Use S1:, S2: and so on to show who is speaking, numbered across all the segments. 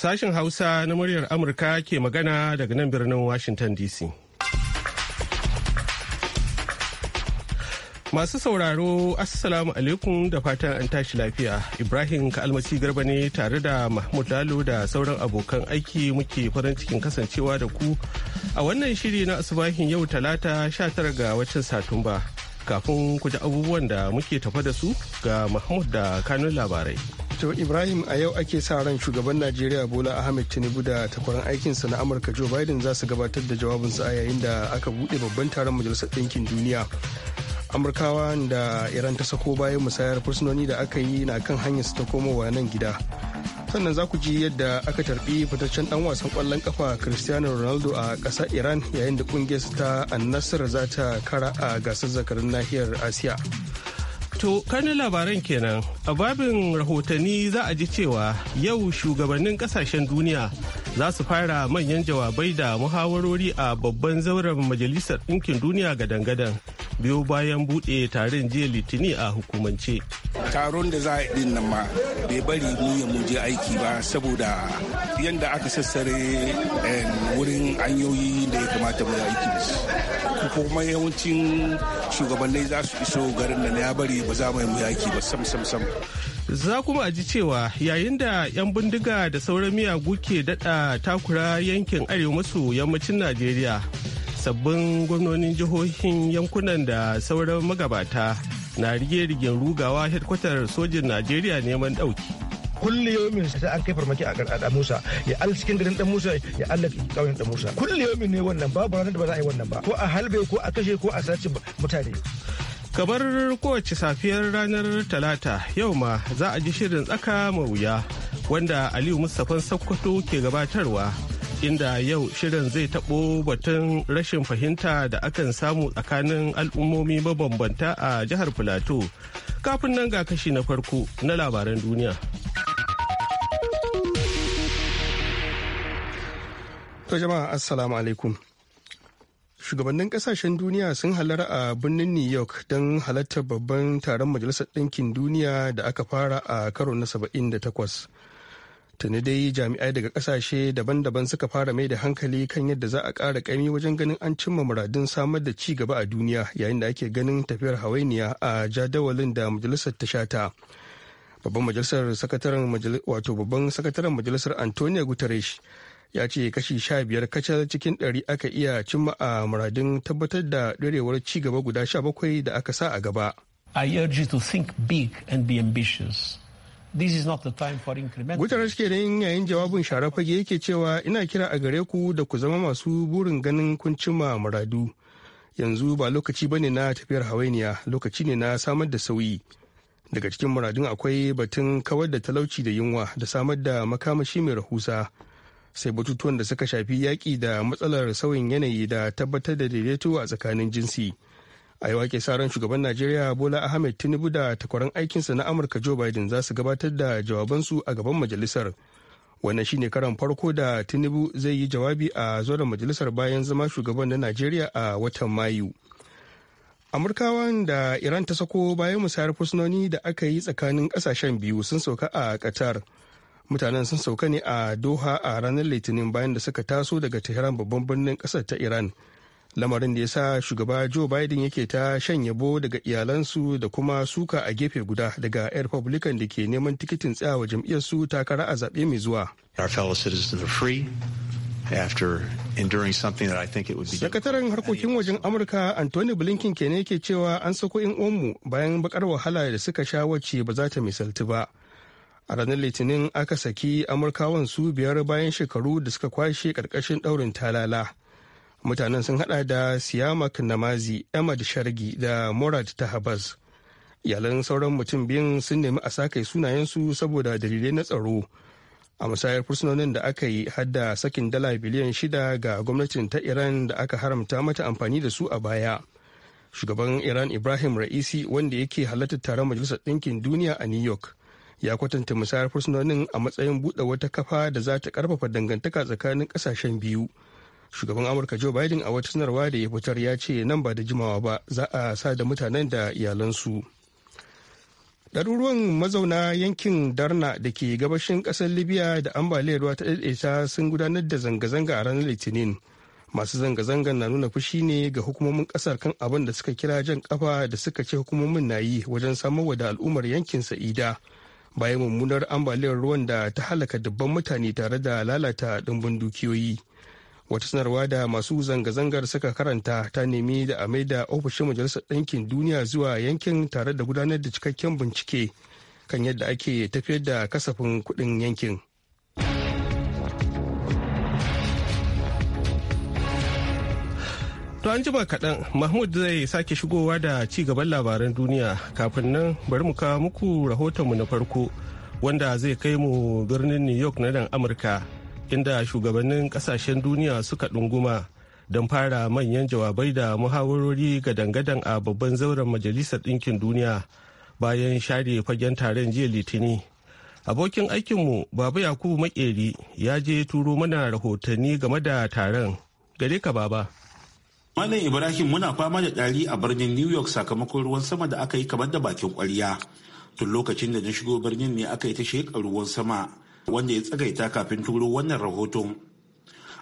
S1: Sashen Hausa na muryar Amurka ke magana daga nan birnin Washington DC. Masu sauraro, Assalamu alaikum da fatan an tashi lafiya. Ibrahim Kalmasi Garba ne tare da Mahmud Lalo da sauran abokan aiki muke farin cikin kasancewa da ku a wannan shiri na asubahin yau talata 19 ga watan Satumba. kafin ku ji abubuwan da muke tafa da su ga Mahmud da kanun labarai. To Ibrahim a yau ake
S2: sa ran shugaban Najeriya Bola Ahmed Tinubu da takwaran aikinsa na Amurka Joe Biden za su gabatar da jawabinsa a yayin da aka buɗe babban taron Majalisar Ɗinkin Duniya. amurkawa da iran ta sako bayan musayar fursunoni da aka yi na kan hanyar su ta komowa nan gida sannan za ku ji yadda aka tarbi fitaccen dan wasan kwallon kafa cristiano ronaldo a ƙasar iran yayin da kungiyar ta annasar za ta kara a gasar zakarin nahiyar asiya
S1: to kanin labaran kenan a babin rahotanni za a ji cewa yau shugabannin kasashen duniya za su fara manyan jawabai da muhawarori a babban zauren majalisar ɗinkin duniya gadan-gadan biyo bayan buɗe taron jiya litini a
S3: hukumance. taron da za a yi nan ma bai bari mu ya muje aiki ba saboda yadda aka sassare eh, wurin hanyoyi da ya kamata mu aiki da su kuma yawancin shugabannin za su iso garin da ya bari ba za mu yi aiki ba sam sam sam
S1: za kuma a ji cewa yayin da 'yan bindiga da sauran miyagu ke dada takura yankin arewa maso yammacin najeriya sabbin gwamnonin jihohin yankunan da sauran magabata na rige-rigen rugawa hedkwatar sojin najeriya neman ɗauki.
S4: kulli yomin sai an kai farmaki a da Musa ya al cikin garin dan Musa ya Allah kauyen dan Musa kulli
S3: yomin ne wannan
S4: babu ranar da ba za a yi wannan ba ko a halbe ko a kashe ko a sace mutane
S1: kamar kowace safiyar ranar talata yau ma za a ji shirin tsaka mawuya wanda aliyu mustapha sakkwato ke gabatarwa inda yau shirin zai taɓo batun rashin fahimta da akan samu tsakanin al'ummomi mabambanta a jihar Filato. Kafin nan ga kashi na farko na labaran duniya. To jama'a assalamu alaikum.
S2: Shugabannin kasashen duniya sun halara a birnin New York don halartar babban taron Majalisar Ɗinkin Duniya da aka fara a karo na 78. tuni dai jami'ai daga kasashe daban-daban suka fara mai da hankali kan yadda za a ƙara ƙami wajen ganin an cimma muradun samar da ci gaba a duniya yayin da ake ganin tafiyar hawainiya a jadawalin da majalisar ta shata babban majalisar sakataren wato babban sakataren majalisar antonio guterres ya ce kashi sha biyar kacal cikin ɗari aka iya cimma a muradun tabbatar da ɗarewar ci gaba guda sha bakwai da aka sa a gaba.
S5: I urge you to think big and be ambitious. This is not the time
S2: yayin jawabin shara fage yake cewa ina kira a gare ku da ku zama masu burin ganin kun cimma muradu. Yanzu ba lokaci bane na tafiyar hawainiya lokaci ne na samar da sauyi. Daga cikin muradun akwai batun kawar da talauci da yunwa da samar da makamashi mai rahusa. Sai batutuwan da suka shafi yaƙi da matsalar sauyin yanayi da tabbatar da daidaito a tsakanin jinsi. a yi wake sa ran shugaban najeriya bola ahmed tinubu da takwaran aikinsa na amurka joe biden za su gabatar da jawabansu a gaban majalisar wannan shine karan farko da tinubu zai yi jawabi a zoron majalisar bayan zama shugaban na najeriya a watan mayu amurkawa da iran ta sako bayan musayar fursunoni da aka yi tsakanin kasashen biyu sun sauka a qatar mutanen sun sauka ne a doha a ranar litinin bayan da suka taso daga tehran babban birnin kasar ta iran lamarin da ya sa shugaba joe biden yake ta shan yabo daga iyalansu da kuma suka a gefe guda daga 'yan republican da ke neman tikitin tsayawa jam'iyyarsu takara a zaɓe mai zuwa sakataren harkokin wajen amurka anthony blinken ke ne ke cewa an sako in uwanmu bayan bakar wahala da suka sha wacce ba za ta misalti ba a ranar litinin aka saki amurkawan su biyar bayan shekaru da suka kwashe karkashin daurin talala mutanen sun hada da siyamak namazi ahmad shargi da murad tahabaz iyalan sauran mutum biyun sun nemi a sake sunayensu saboda dalilai na tsaro a musayar fursunonin da aka yi hadda sakin dala biliyan shida ga gwamnatin ta iran da aka haramta mata amfani da su a baya shugaban iran ibrahim ra'isi wanda yake halartar taron majalisar ɗinkin duniya a new york ya kwatanta musayar fursunonin a matsayin buɗe wata kafa da za ta ƙarfafa dangantaka tsakanin ƙasashen biyu shugaban amurka joe biden a wata sanarwa da ya fitar ya ce nan ba da jimawa ba za a sa da mutanen da iyalansu ɗaruruwan mazauna yankin darna da ke gabashin ƙasar libya da ambaliyar ruwa ta ɗaiɗaita sun gudanar da zanga-zanga a ranar litinin masu zanga zangan na nuna fushi ne ga hukumomin ƙasar kan abin da suka kira jan kafa da suka ce hukumomin na yi wajen samarwa da al'ummar yankin sa'ida bayan mummunar ambaliyar ruwan da ta halaka dubban mutane tare da lalata ɗumbin dukiyoyi wata sanarwa da masu zanga-zangar suka karanta ta nemi da a maida ofishin majalisar ɗinkin duniya zuwa yankin tare da gudanar da cikakken bincike kan yadda ake tafiyar da kasafin kuɗin yankin
S1: To an jima kaɗan Mahmud zai sake shigowa da ci gaban labaran duniya kafin nan bari mu kawo muku rahotonmu na farko wanda zai kai mu birnin New York na dan Amurka inda shugabannin kasashen duniya suka ɗunguma don fara manyan jawabai da muhawarori ga dangadan a babban zauren majalisar ɗinkin duniya bayan share fagen taron jiya litini abokin aikinmu baba yakubu makeri ya je turo mana rahotanni game da taron gare ka baba
S5: Malam Ibrahim muna fama da ɗari a birnin New York sakamakon ruwan sama da aka yi kamar da bakin kwarya Tun lokacin da na shigo birnin ne aka yi ta shekaru ruwan sama wanda ya tsagaita kafin turo wannan rahoton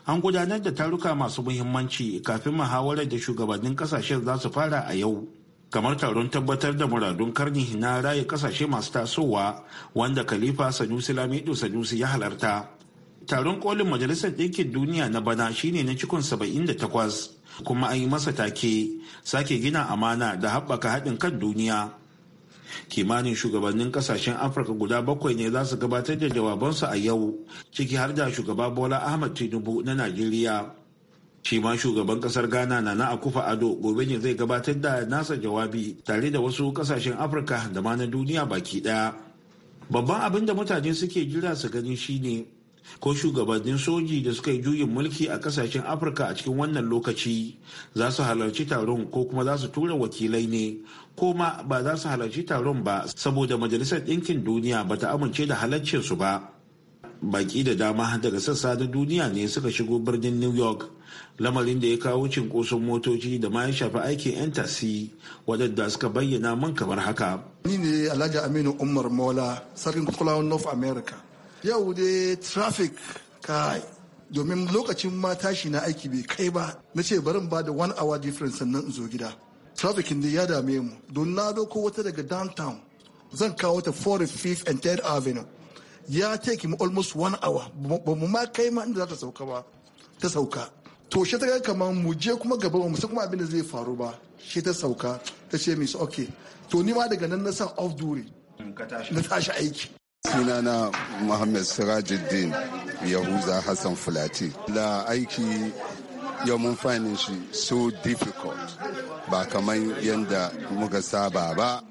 S5: an gudanar da taruka masu muhimmanci kafin muhawarar da shugabannin kasashen za su fara a yau kamar taron tabbatar da muradun karni na raye kasashe masu tasowa wanda khalifa sanusi lamido sanusi ya halarta taron kolin majalisar ɗinkin duniya na bana shine na cikin 78 kuma an yi masa take sake gina amana da haɓaka haɗin kan duniya kimanin shugabannin kasashen afirka guda bakwai ne za su gabatar da jawabansu a yau ciki har da shugaba bola ahmad tinubu na najeriya shi shugaban kasar ghana na na akufa ado gobe ne zai gabatar da nasa jawabi tare da wasu kasashen afirka da ma na duniya baki daya babban abin da mutane suke jira su gani shine ko shugabannin soji da suka yi juyin mulki a kasashen afirka a cikin wannan lokaci za su halarci taron ko kuma za su tura wakilai ne ko ma ba za su halarci taron ba saboda majalisar ɗinkin duniya ba ta amince da halarcinsu ba baki da dama daga sassa na duniya ne suka shigo birnin new york lamarin da ya kawo cinkoson motoci da ma ya shafi aikin 'yan tasi waɗanda suka bayyana man kamar haka
S3: ni ne alhaji aminu umar mola sarkin kulawan north america yau dai traffic kai domin lokacin ma tashi na aiki bai kai ba na ce barin ba da one hour difference sannan in zo gida trafficking dai ya dame mu don na doko wata daga downtown zan kawo ta 45th and 3rd avenue ya take mu almost one hour ba mu ma kai ma inda za ta sauka ba ta sauka to shi ta ga kamar mu je kuma gaba mu san kuma abin da zai faru ba shi ta sauka ta ce misu okay to ni ma
S6: daga nan na sa off dure
S3: na tashi aiki sunana Muhammad Sirajuddin Yahuza Hassan Fulati. La aiki yau mun fani shi so difficult ba kamar yadda muka saba ba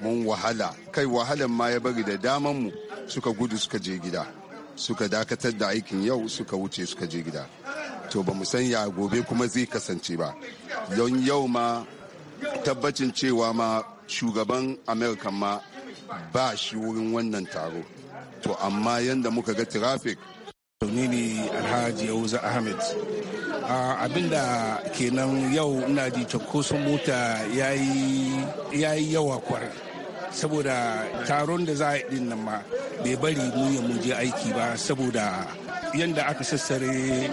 S3: mun wahala kai wahalan ma ya bari da daman mu suka gudu suka je gida suka dakatar da aikin yau suka wuce suka je gida to ba san ya gobe kuma zai kasance ba don yau ma tabbacin cewa ma shugaban amerika ma ba shi wurin wannan taro to amma yadda muka ga traffic ne ne alhaji yauza ahmed abinda kenan yau ina ji cakkoson mota ya yi yawa kwarai saboda taron da za a yi nan ma bai bari mu ya muje aiki ba saboda yadda aka sassare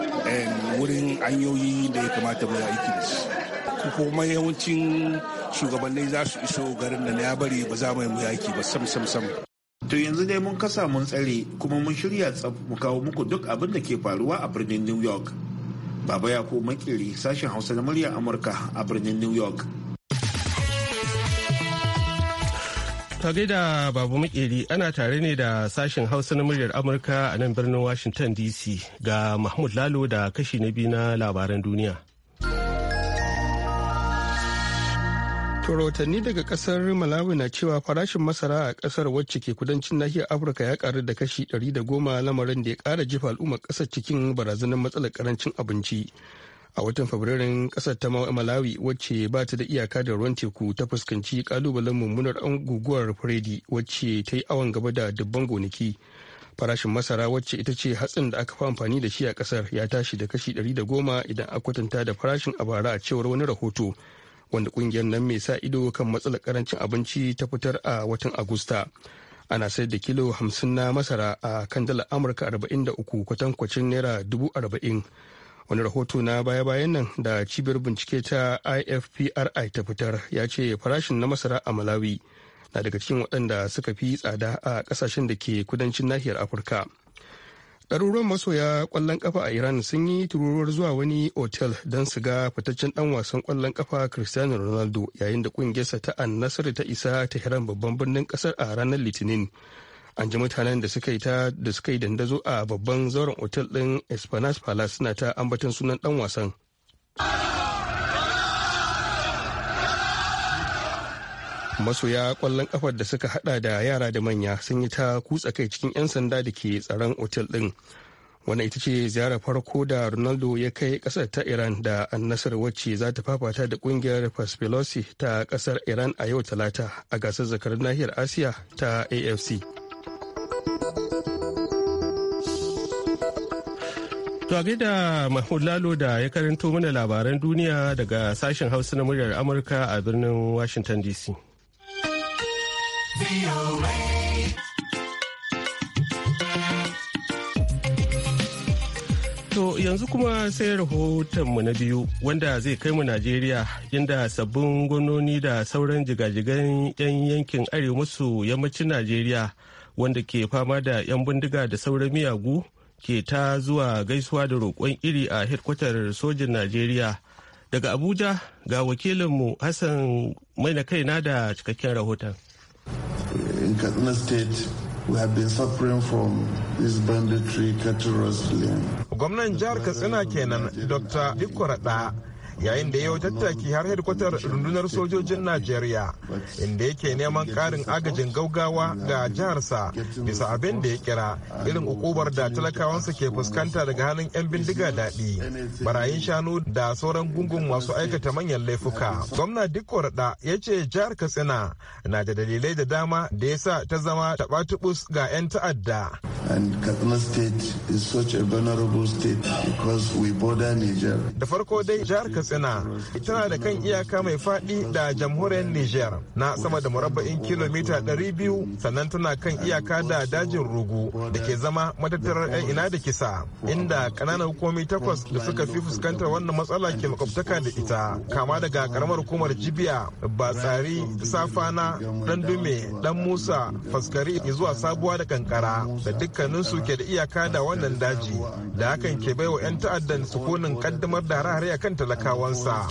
S3: wurin hanyoyi da ya kamata mu aiki da su kuma yawancin shugabannai za su iso garin da na ya bari ba za mu yaki ba sam sam sam
S5: To yanzu dai mun kasa mun tsare kuma mun shirya tsaf mu kawo muku duk abin da ke faruwa a birnin New York. Baba ko makiri sashen Hausa na muryar Amurka a birnin New York.
S1: ta da babu makeri ana tare ne da sashen hausa na muryar amurka a nan birnin washington dc ga mahmud lalo da kashi na biyu na labaran duniya rahotanni daga kasar malawi
S2: na cewa farashin masara a kasar wacce ke kudancin nahiyar afirka ya karu da kashi 110 lamarin da ya kara jefa al'ummar kasar cikin barazanar matsalar karancin abinci a watan fabrairun kasar ta malawi wacce ba ta da iyaka da ruwan teku ta fuskanci kalubalen mummunar an guguwar freddy wacce ta yi awon gaba da dubban gonaki farashin masara wacce ita ce hatsin da aka fi amfani da shi a kasar ya tashi da kashi 110 idan a kwatanta da farashin a bara a cewar wani rahoto wanda kungiyar nan mai sa ido kan matsalar karancin abinci ta fitar a watan agusta ana sayar da kilo 50 na masara a kan dalar amurka 43 kwatankwacin naira 40,000 wani rahoto na baya-bayan nan da cibiyar bincike ta ifpri ta fitar ya ce farashin na masara a malawi na daga cikin waɗanda suka fi tsada a ƙasashen da ke kudancin nahiyar afirka. ɗaruruwan masoya ƙwallon kafa a iran sun yi tururuwar zuwa wani otel don su ga fitaccen ɗan wasan ƙwallon kafa cristiano ronaldo yayin da ƙungiyarsa ta an nasar ta isa ta hiran babban birnin ƙasar a ranar litinin an ji mutanen da suka yi ta da dandazo a babban zauren otel ɗin espanas palace suna ta ambaton sunan ɗan wasan. masoya kwallon kafar da suka hada da yara da manya sun yi ta kutsa kai cikin 'yan sanda da ke tsaron otel din wani ita ce ziyarar farko da ronaldo ya kai kasar ta iran da annasar wacce za ta fafata da kungiyar perspilosi ta kasar iran a yau talata a
S1: gasar zakar nahiyar asiya ta afc To da Mahmud Lalo da ya karanto mana labaran duniya daga sashen Hausa na muryar Amurka a birnin Washington DC. To yanzu kuma sai rahotonmu na biyu wanda zai kai mu Najeriya inda sabbin gwamnoni da sauran jigajigan 'yan yankin arewa maso yammacin Najeriya wanda ke fama da 'yan bindiga da sauran miyagu ke ta zuwa gaisuwa da roƙon iri a hedkwatar sojin Najeriya. Daga Abuja ga wakilinmu Hassan mai na kaina da cikakken rahoton.
S3: In Katsina State, we have been suffering from this banditry cattle rustling.
S4: Gwamnan jihar Katsina kenan Dr. Dikko Rada yayin da ya yi tattaki har hedkwatar rundunar sojojin najeriya inda yake neman karin agajin gaugawa ga jiharsa bisa abin da ya kira irin ukubar da talakawansa ke fuskanta daga hannun 'yan bindiga daɗi barayin shanu da sauran gungun masu aikata manyan laifuka gwamna dikko da ya ce jihar katsina na da dalilai da dama da ya sa ta zama taɓa ga 'yan ta'adda da farko dai jihar katsina tana da kan iyaka mai faɗi da jamhuriyar niger na sama da murabba'in kilomita 200 sannan tana kan iyaka da dajin rugu da ke zama matattarar 'yan ina da kisa inda ƙananan hukumomi takwas da suka fi fuskantar wannan matsala ke makwabtaka da ita kama daga karamar hukumar jibiya batsari safana dan dume dan musa faskari zuwa sabuwa da kankara da dukkaninsu ke da iyaka da wannan daji da hakan ke baiwa 'yan ta'addan sukunin kaddamar da hare-hare kan talakawa talakawansa.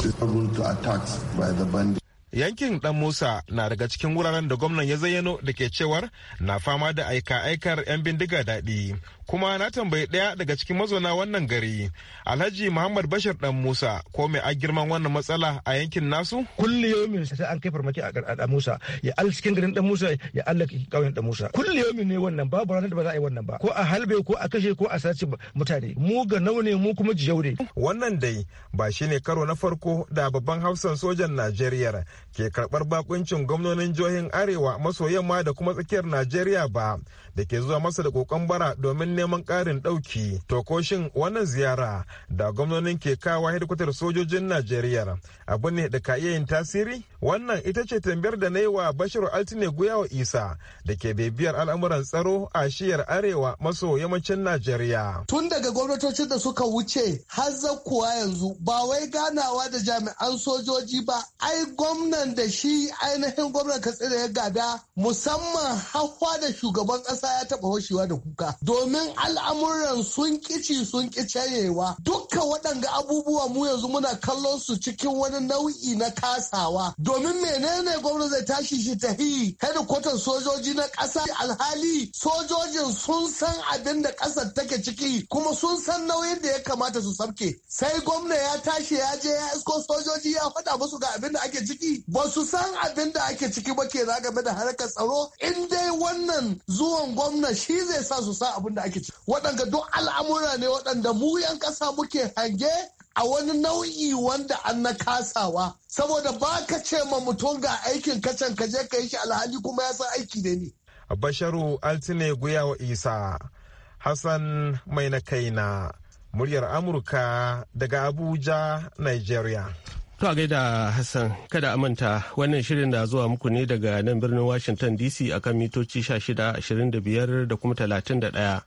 S4: Yankin Dan Musa na daga cikin wuraren da gwamnan ya zayyano da ke cewar na fama da aika-aikar 'yan bindiga daɗi kuma na tambayi ɗaya daga cikin mazauna wannan gari alhaji muhammad bashir dan musa ko mai a girman wannan matsala a yankin nasu kulli yomin sai an kai farmaki a dan musa ya al cikin garin dan musa ya allah kauyen dan musa kulli yomin ne wannan babu ranar da ba za a yi wannan ba ko a halbe ko a kashe ko a sace mutane mu ga naune mu kuma jiyau ne wannan dai ba shine karo na farko da babban hausan sojan najeriya ke karbar bakuncin gwamnonin jihohin arewa maso yamma da kuma tsakiyar najeriya ba da ke zuwa masa da kokon bara domin neman karin ɗauki. To ko shin wannan ziyara da gwamnonin ke kawa hedikwatar sojojin Najeriya abu ne da ka iya yin tasiri? Wannan ita ce tambayar da na yi wa Bashir Altine Guyawa Isa da ke bibiyar al'amuran tsaro a shiyar arewa maso yammacin Najeriya.
S6: Tun daga gwamnatocin da suka wuce har kuwa yanzu ba wai ganawa da jami'an sojoji ba ai gwamnan da shi ainihin gwamnan katsina ya gada musamman hawa da shugaban ƙasa kasa ya taba hoshewa da kuka domin al'amuran sun kici sun ki cayewa dukka waɗanga abubuwa mu yanzu muna kallon su cikin wani nau'i na kasawa domin menene gwamnati zai tashi shi ta tahi hedikwatan sojoji na ƙasa alhali sojojin sun san abin da ƙasar take ciki kuma sun san nauyin da ya kamata su sabke sai gwamna ya tashi ya je ya isko sojoji ya faɗa musu ga abin da ake ciki ba su san abin da ake ciki ba ke game da harkar tsaro in dai wannan zuwan gwamna shi zai sa su sa abin da ake ci waɗanda duk al'amura ne waɗanda mu 'yan ƙasa muke hange a wani nau'i wanda an na kasawa saboda ba ka ce ma mutum ga aikin kacan ka je ka yi shi
S4: alhali kuma ya san aiki da ni. Basharu Altine guya wa Isa Hassan Mai na kaina muryar Amurka daga Abuja, Nigeria.
S1: To a gaida Hassan kada a manta wannan shirin da zuwa muku ne daga nan birnin Washington DC kan mitoci 16, 25 da kuma 31.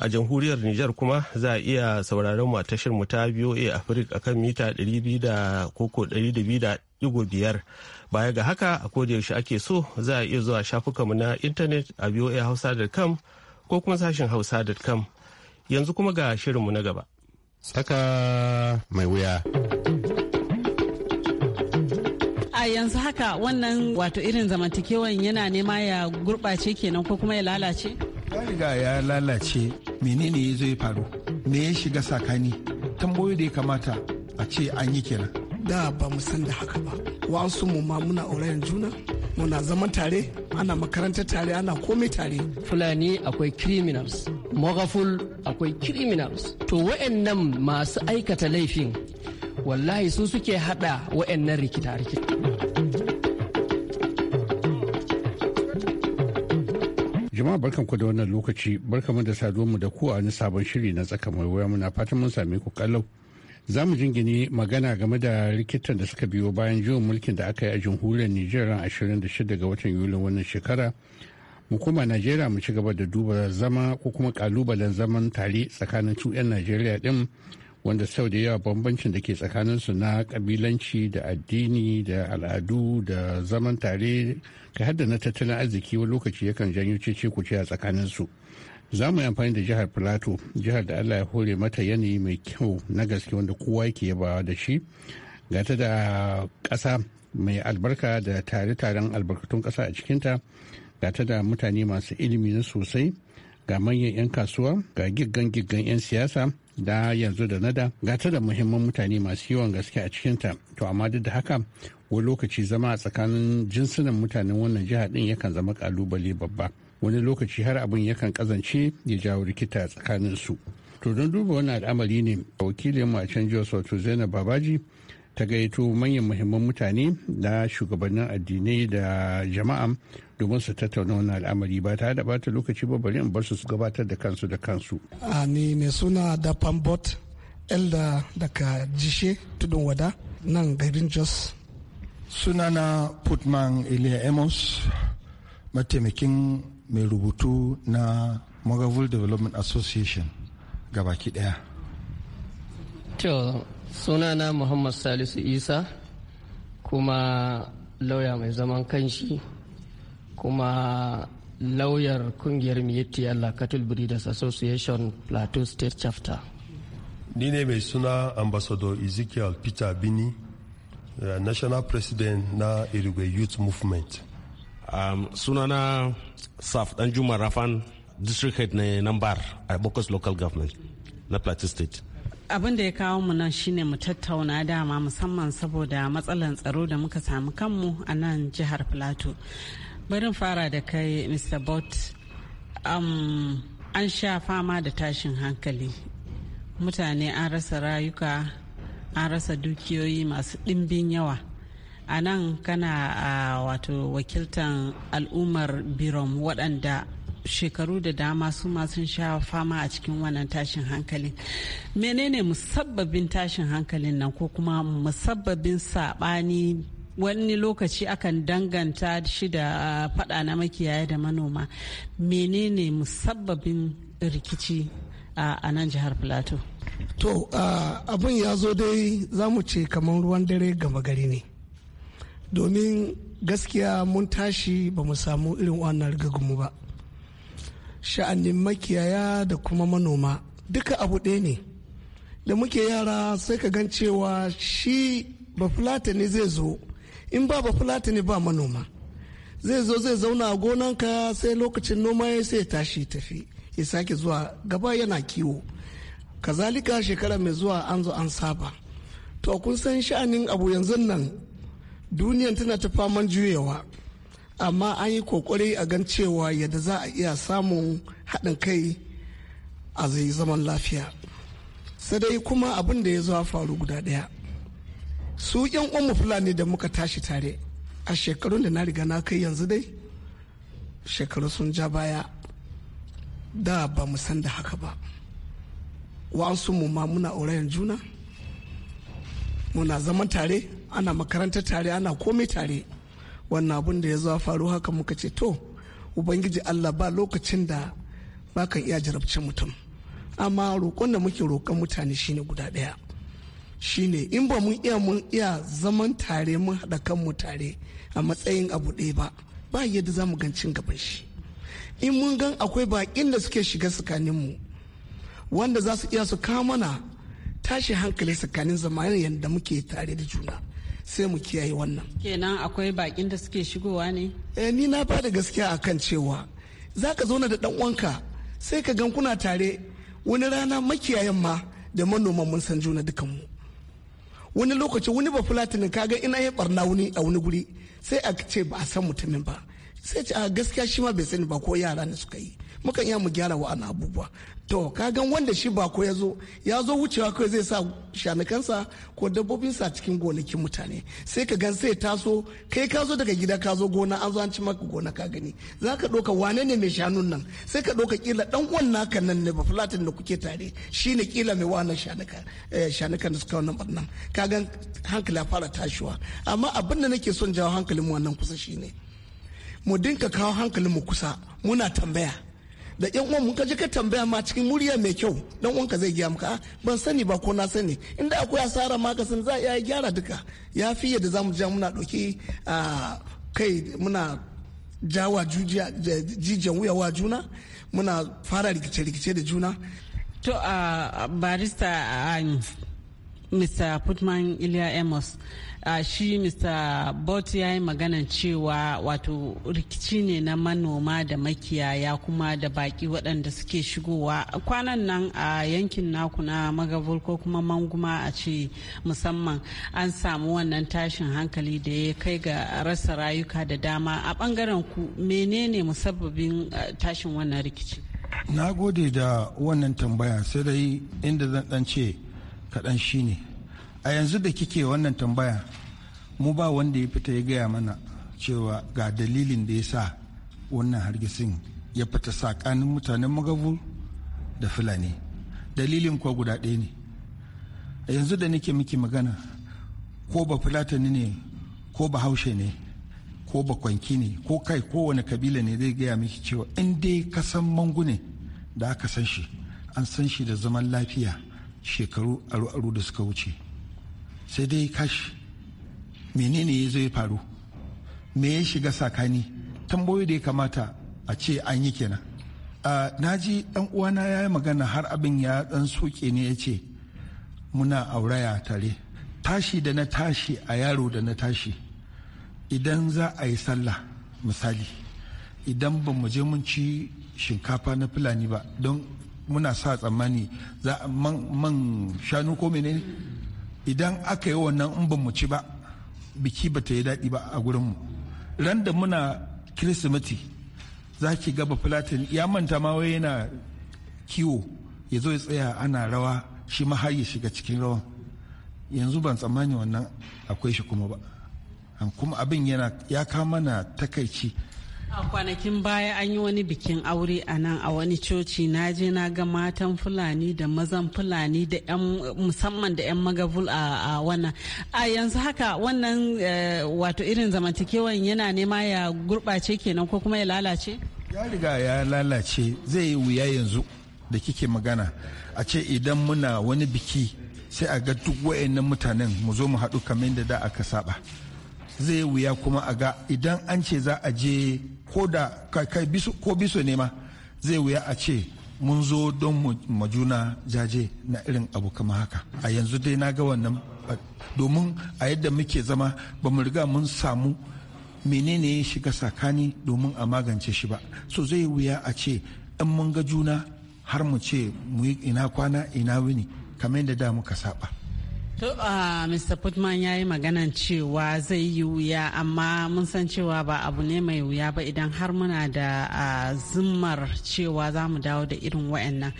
S1: a jamhuriyar Nijar kuma za a iya sauraron mu a tashar mu ta VOA Africa kan mita 200 koko 200.5 baya ga haka a koda yaushe ake so za a iya zuwa shafukanmu na intanet a voahausa.com ko kuma sashin hausa.com yanzu kuma ga shirinmu na gaba.
S7: Saka mai wuya.
S8: yanzu haka wannan wato irin zamantakewan yana nema ya gurɓace kenan ko kuma ya lalace?
S3: Ya riga ya lalace menene ya zo ya faru me ya shiga sakani tambayoyi da ya kamata a ce an yi kenan.
S6: Da ba mu san da haka ba wasu mu ma muna aurayen juna muna zaman tare ana makaranta tare ana komai tare. Fulani akwai criminals mogaful
S9: akwai criminals to wa'annan masu aikata laifin wallahi su suke hada wa'annan rikita-rikita.
S7: Jama'a barkan ku da wannan lokaci barkamu da saduwar mu da ku a wani sabon shiri na tsaka mai waya muna fatan mun same ku kallau. Za mu jingine magana game da rikitan da suka biyo bayan juyin mulkin da aka yi a jamhuriyar Nijar ran 26 ga watan Yulin wannan shekara. Mu koma Najeriya mu ci gaba da duba zama ko kuma kalubalen zaman tare tsakanin 'yan Najeriya din wanda sau da yawa bambancin da ke tsakaninsu na kabilanci da addini da al'adu da zaman tare ka hada na tattalin arziki wani lokaci yakan janyo cece ce a tsakaninsu za mu yi amfani da jihar plateau jihar da allah ya hore mata yanayi mai kyau na gaske wanda kowa yake yabawa da shi gata da ƙasa mai albarka da tare-taren albarkatun ƙasa a cikinta gata da mutane masu ilimi na sosai ga manyan 'yan kasuwa ga giggan giggan 'yan siyasa da yanzu da nada ga ta da muhimman mutane masu yawan gaske a cikinta to amma duk da haka wani lokaci zama a tsakanin jinsinan mutanen wannan jiha din yakan zama kalubale babba wani lokaci har abin yakan kazance ya jawo rikita tsakanin su to don duba wannan al'amari ne wakilin mu a can jiya wato zainab babaji ta gaito manyan muhimman mutane da shugabannin addinai da jama'a domin su tattauna wani al'amari ba tare da bata lokaci ba bari in bar su gabatar da kansu da kansu.
S6: a ah, ni mai suna da pambot elda daga jishe tudun wada nan garin jos sunana putman ilia amos
S3: mataimakin mai rubutu na Mogavul Development Association gabaki daya.
S9: sunana muhammad salisu isa kuma lauya mai zaman kanshi kuma lauyar kungiyar miyetti allah cattle breeders association plateau state chapter
S3: ni ne mai suna ambassador ezekiel peter bini eh, national president na irigwe youth movement um,
S1: sunana saf danjuma rafan district head na nambar a local government na plateau state
S8: abin da ya kawo mu nan shine mu tattauna dama musamman saboda matsalan tsaro da muka samu kanmu a nan jihar plateau barin fara da kai mr bot an sha fama da tashin hankali mutane an rasa rayuka an rasa dukiyoyi masu ɗimbin yawa a nan kana uh, wato wakiltan al'ummar birom waɗanda shekaru da dama su ma sun sha fama a cikin wannan tashin hankalin menene musabbabin tashin hankalin nan ko kuma musabbabin sabani wani lokaci akan danganta shi da ah, faɗa na makiyaya da manoma menene musabbabin rikici ah, a nan jihar plateau
S6: to ah, abin ya zo dai za mu ce kamar ruwan dare gama gari ne domin gaskiya mun tashi ba mu samu irin wannan rigagunmu ba sha'anin makiyaya da kuma manoma duka abu ɗaya ne da muke yara sai ka gan cewa shi ne zai zo in ba ne ba manoma zai zo zai zauna a gonanka sai lokacin noma ya sai tashi tafi ya sake zuwa gaba yana kiwo kazalika shekara mai zuwa an zo an saba to kun san sha'anin abu yanzu nan duniyan tana ta faman juyewa amma an yi kokari a gan cewa yadda za a iya samun haɗin kai a zai zaman lafiya sai dai kuma abin da ya zo faru guda ɗaya su yan uwanmu fulani da muka tashi tare a shekarun da na riga na kai yanzu dai shekaru sun ja baya da ba mu san da haka ba wa'ansu mu ma muna aurayen juna muna zaman tare ana makaranta tare ana komai tare wannan abun da ya zo faru haka muka ce to ubangiji allah ba lokacin da bakan iya jarabci mutum amma roƙon da muke roƙon mutane shine guda ɗaya shine in ba mun iya mun iya zaman tare mun haɗa mu tare a matsayin abu ɗaya ba ba yadda za mu gancin gaban shi in mun gan akwai baƙin da suke shiga tsakanin mu wanda za su iya su mana tashi hankali tsakanin zamanin yadda muke tare da juna sai mu kiyaye wannan
S8: kenan akwai bakin da suke shigowa ne eh ni na bada
S6: gaskiya akan cewa za zaka zauna da dan uwanka sai ka gan kuna tare wani rana makiyayan ma da manoman mun san juna mu wani lokaci wani ba fulatinin kaga ina ya barna wani a wani guri sai a ce ba a san mutumin ba sai a gaskiya shi ma bai sani ba ko yara ne suka yi mukan iya mu gyara wa'annan abubuwa to ka kagan wanda shi ba ko ya zo ya zo wucewa kawai zai sa shanukansa ko dabbobinsa cikin gonakin mutane sai ka gan sai taso kai ka zo daga gida ka zo gona an zo an ci maka gona ka gani za ka ɗauka wane ne mai shanun nan sai ka ɗauka kila ɗan uwan naka nan ne ba fulatin da kuke tare shi ne kila mai wa'annan shanukan eh, da suka wannan barnan gan hankali ya fara tashiwa amma abin da nake son jawo hankalin mu wannan kusa shine mu dinka kawo hankalin mu kusa muna tambaya da yan uwan mun ka je ka tambaya ma cikin murya mai kyau dan uwan ka zai gaya maka ah, ban sani ba ko na sani inda akwai asara ma ka san za a gyara duka ya fi yadda mu ja muna dauki ah, kai muna jawa jijiyan wuya wa juna muna fara rikice-rikice da juna
S8: to a ah, barista mr putman iliya amos uh, shi mr bot ya yi maganan cewa wato rikici ne na manoma da makiyaya kuma da baki waɗanda suke shigowa kwanan nan a uh, yankin naku na magabul ko kuma manguma a ce musamman an samu wannan tashin hankali da ya kai ga rasa rayuka da dama a ɓangaren ku menene musabbabin uh, tashin wannan rikici
S3: na gode da wannan tambaya sai dai inda zan ce kaɗan ne. a yanzu da kike wannan tambaya mu ba wanda ya fita ya gaya mana cewa ga dalilin da ya sa wannan hargitsin ya fita sakanin mutanen magabu da fulani dalilin kuwa guda ɗaya ne a yanzu da nake miki magana ko ba fulatani ne ko ba haushe ne ko ba kwanki ne ko kai kowane kabila ne zai gaya miki cewa in dai ka san mangu ne da aka san shi an san shi da zaman lafiya shekaru aru-aru da suka wuce sai dai kashi menene ya zo ya faru me ya shiga sakani tambayoyi da ya kamata a ce an yi kenan na ji dan uwana ya yi magana har abin ya dan soke ne ya ce muna auraya tare tashi da na tashi a yaro da na tashi idan za a yi sallah misali idan ba mu je mun ci shinkafa na fulani ba don muna sa tsammani za man shanu ko menene idan aka yi wannan in ba mu ci ba biki ba ta yi daɗi ba a gurinmu ran da muna kirsimeti za ki gaba filatin ya manta ma wai yana kiwo ya zo ya tsaya ana rawa shi ma har ya shiga cikin rawan yanzu ban tsammani wannan akwai shi kuma ba kuma abin yana ya kama na takaici
S8: a kwanakin baya an yi wani bikin aure a nan a wani coci na je na ga matan fulani da mazan fulani da yan musamman da yan magabul a wannan a yanzu haka wannan eh, wato irin zamantakewan yana nema ya gurɓace kenan ko kuma ya lalace
S3: ya riga ya lalace zai yi wuya yanzu da kike magana a ce idan muna wani biki sai a ga duk wayannan mutanen mu zo mu haɗu kamar da da aka saba zai yi wuya kuma a ga idan an ce za a je ko da kai ko biso ne ma zai wuya a ce mun zo don mu juna jaje na irin abu kama haka a yanzu dai na ga wannan domin a yadda muke zama ba mu riga mun samu menene ya shiga sakani domin a magance shi ba so zai wuya a ce in mun ga juna har mu ce mu ina kwana ina wuni kamar yadda da muka saba
S8: To, uh, Mr. Putman ya yi maganan cewa zai yi wuya amma mun san cewa ba abu ne mai wuya ba idan har muna da uh, zimmar cewa za mu dawo da irin wayannan.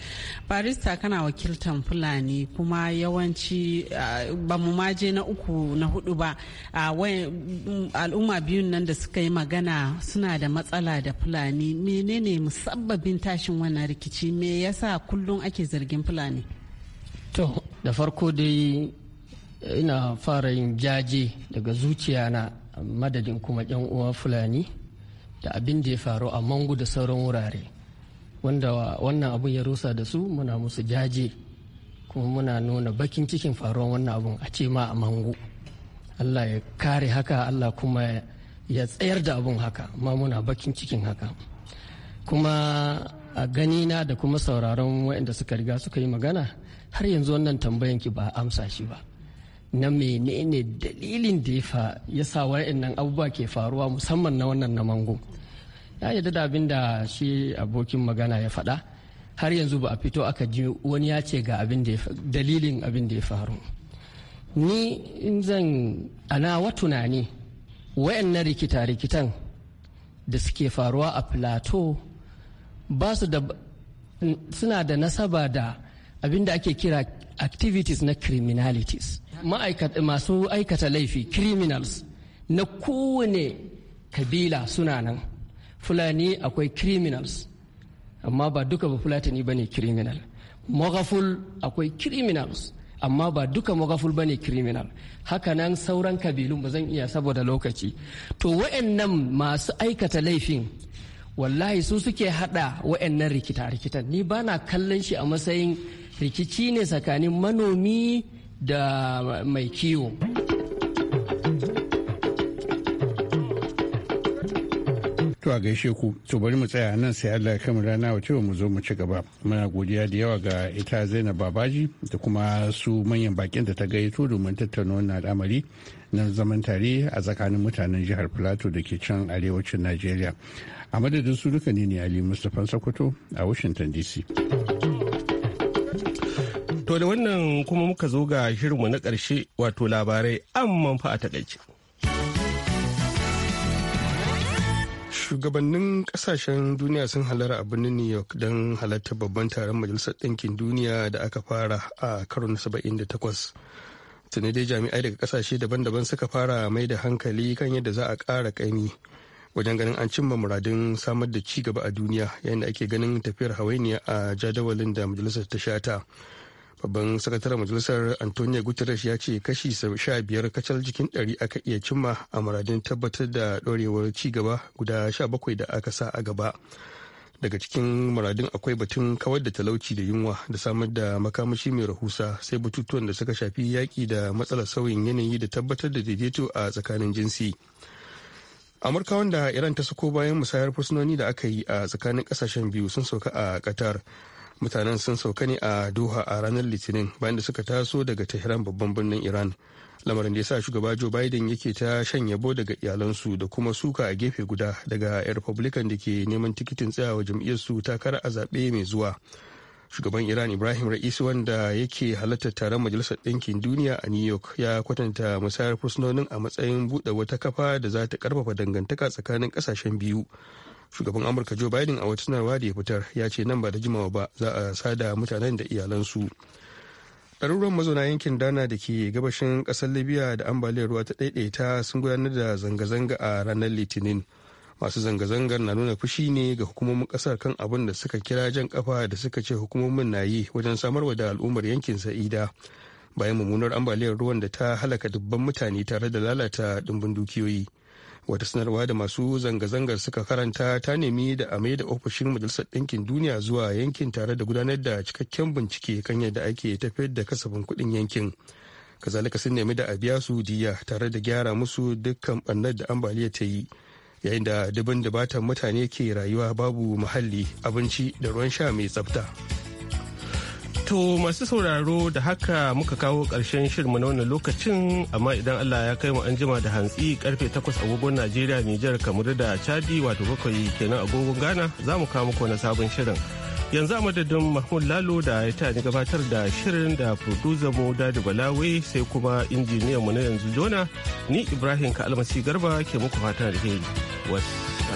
S8: Barista kana wakiltan Fulani kuma yawanci uh, ba mu maje na uku na hudu ba. Al'umma biyun nan da suka yi magana suna da matsala da Fulani. Menene musabbabin tashin wannan rikici? Me yasa kullum ake zargin Fulani?
S9: To, da farko dai ina fara yin jaje daga zuciya na madadin kuma yan uwa fulani da abin da ya faru a mangu da sauran wurare wanda wannan abun ya rusa da su muna musu jaje kuma muna nuna bakin cikin faruwan wannan abun a ce ma a mangu allah ya kare haka allah kuma ya tsayar da abun haka ma muna bakin cikin haka kuma a ganina da kuma sauraron waɗanda suka riga suka yi magana har yanzu wannan tambayan ki ba amsa shi ba na menene dalilin da ya sa wa'annan abubuwa ke faruwa musamman na wannan na mango ya yi da abin da shi abokin magana ya faɗa har yanzu ba a fito aka ji wani ya ce ga dalilin abin da ya faru ni in zan ana tunani wa'annan rikita-rikitan da suke faruwa a plateau ba su da suna da nasaba da abinda ake kira activities na criminalities masu aikata laifi criminals na kowane kabila suna nan fulani akwai criminals amma ba duka ba fulatani ba ne criminal magaful akwai criminals amma ba duka magaful ba ne criminal hakanan sauran kabilun ba zan iya saboda lokaci to wa'annan masu aikata laifin wallahi su suke hada wa'annan rikita-rikitan ni ba na kallon shi a matsayin rikici ne tsakanin manomi da mai kiwo
S7: To a gaishe ku, to bari mu tsaya nan sai Allah ya kama rana wace mu zo mu ci gaba. Muna godiya da yawa ga ita Zainab Babaji da kuma su manyan bakin da ta gayyato domin tattauna wannan al'amari na zaman tare a tsakanin mutanen jihar Plateau da ke can arewacin Najeriya. A madadin su duka ne ne Ali Mustapha Sokoto a Washington DC. To da wannan kuma muka zo ga shirinmu na ƙarshe wato labarai an
S1: manfa a takaice. Shugabannin
S2: ƙasashen duniya sun halara a birnin New York don halartar babban taron Majalisar Ɗinkin Duniya da aka fara a karo na takwas Tuni dai jami'ai daga kasashe daban-daban suka fara mai da hankali kan yadda za a ƙara ƙaimi wajen ganin an cimma muradun samar da ci gaba a duniya yayin da ake ganin tafiyar hawainiya a jadawalin da majalisar ta shata. babban sakataren majalisar antonio guterres ya ce kashi sha biyar kacal jikin ɗari aka iya cimma a muradin tabbatar da ɗorewar gaba guda sha bakwai da aka sa a gaba daga cikin muradin akwai batun kawar da talauci da yunwa da samar da makamashi mai rahusa sai batutuwan da suka shafi yaƙi da matsalar sauyin yanayi da tabbatar da daidaito a tsakanin jinsi amurka wanda iran ta sako bayan musayar fursunoni da aka yi a tsakanin kasashen biyu sun sauka a qatar mutanen sun sauka ne a doha a ranar litinin bayan da suka taso daga tehran babban birnin iran lamarin da ya sa shugaba joe biden yake ta shan yabo daga iyalansu da kuma suka a gefe guda daga 'yan republican da ke neman tikitin tsayawa jam'iyyar jam'iyyarsu takara a zaɓe mai zuwa shugaban iran ibrahim ra'isi wanda yake halartar taron majalisar ɗinkin duniya a new york ya kwatanta musayar fursunonin a matsayin buɗe wata kafa da za ta ƙarfafa dangantaka tsakanin ƙasashen biyu shugaban amurka joe biden a wata sanarwa da ya fitar ya ce nan ba da jimawa ba za a sada mutanen da iyalansu ɗaruruwan mazauna yankin dana da ke gabashin ƙasar libya da ambaliyar ruwa ta ɗaiɗaita sun gudanar da zanga-zanga a ranar litinin masu zanga-zangar na nuna fushi ne ga hukumomin ƙasar kan abin da suka kira jan ƙafa da suka ce hukumomin na yi wajen samarwa da al'ummar yankin sa'ida bayan mummunar ambaliyar ruwan da ta halaka dubban mutane tare da lalata dimbin dukiyoyi wata sanarwa da masu zanga-zangar suka karanta ta nemi da a da ofishin majalisar ɗinkin duniya zuwa yankin tare da gudanar da cikakken bincike kan yadda ake tafiyar da kasafin kuɗin yankin kazalika sun nemi da a biya su diya tare da gyara musu dukkan ɓannar da ambaliya ta yi yayin da dubin dubatan mutane ke rayuwa babu muhalli abinci da ruwan sha mai tsafta.
S1: To masu sauraro da haka muka kawo ƙarshen shirinmu na wannan lokacin amma idan Allah ya kai mu an jima da hantsi karfe 8 agogon Najeriya Nijar kamar da Chadi wato bakwai kenan agogon Ghana za mu kawo muku wani sabon shirin. Yanzu a madadin Mahmud Lalo da ya tani gabatar da shirin da producer mu Dadi Balawe sai kuma injiniyan mu na yanzu Jona ni Ibrahim Ka Almasi Garba ke muku fatan ke Wasu.